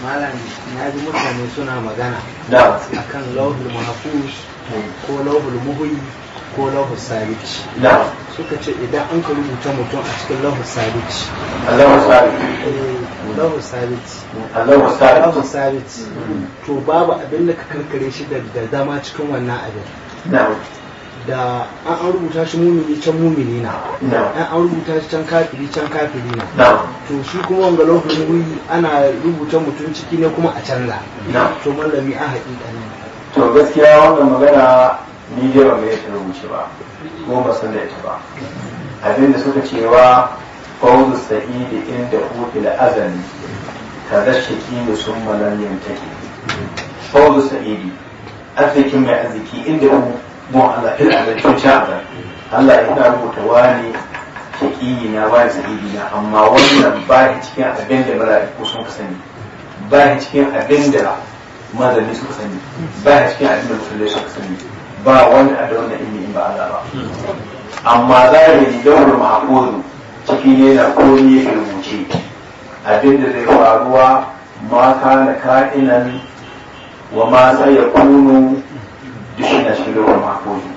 malam na ji mutane suna magana a kan lauhul mahfuz ko lauhul muhyi ko lauhul sabit suka ce idan an ka rubuta mutum a cikin lauhul sabit lauhul sabit eh, lauhul sabit to babu abin da ka karkare shi da zama cikin wannan abin da an an rubuta shi mumini can mumini na an an rubuta shi can kafiri can kafiri na to shi kuma wanga lokacin wuri ana rubuta mutum ciki ne kuma a canza to mallami a haƙiƙa ne to gaskiya wannan magana ni dai ba mai ta rubuce ba ko ba san da ita ba abin da suka cewa fawzu Sa'id, inda hu fil azan tadashiki musumma lam yantaki fawzu Sa'id, arzikin mai arziki inda hu mu Allah fil azal ko shaɗa Allah ya ina rubuta wani shaqiyi na ya sahibi na amma wannan ba ya cikin abin da ko sun ka sani ba ya cikin abin da mazalli suka sani ba ya cikin abin da musulmai suka sani ba wani a da wannan ilmi in ba Allah ba amma za ya yi daura mahakuru cikin na komi ya rubuce abin da zai faruwa ma kana ka'inan wa ma sai ya kunu duk na cikin lokacin makoji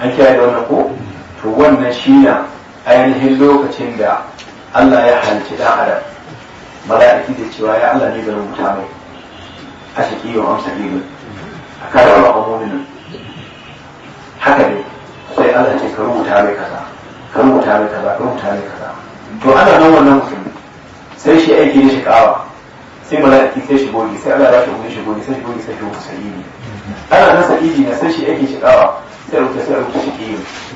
an kiyaye da wannan ko to wannan shi na ainihin lokacin da Allah ya halicci dan adam mala'iki da cewa ya Allah ne bari rubuta mai a shaki wa amsa ilmi a kare wa amunin haka ne sai Allah ce ka rubuta mai kaza ka rubuta mai kaza ka rubuta mai kaza to ana nan wannan musulmi sai shi aiki da shi kawa sai mala'iki sai shi sai Allah ya shi goge shi sai shi goge sai shi goge sai yi ana nan sai yi ne sai shi yake shi dawa sai rubuta sai rubuta shi yi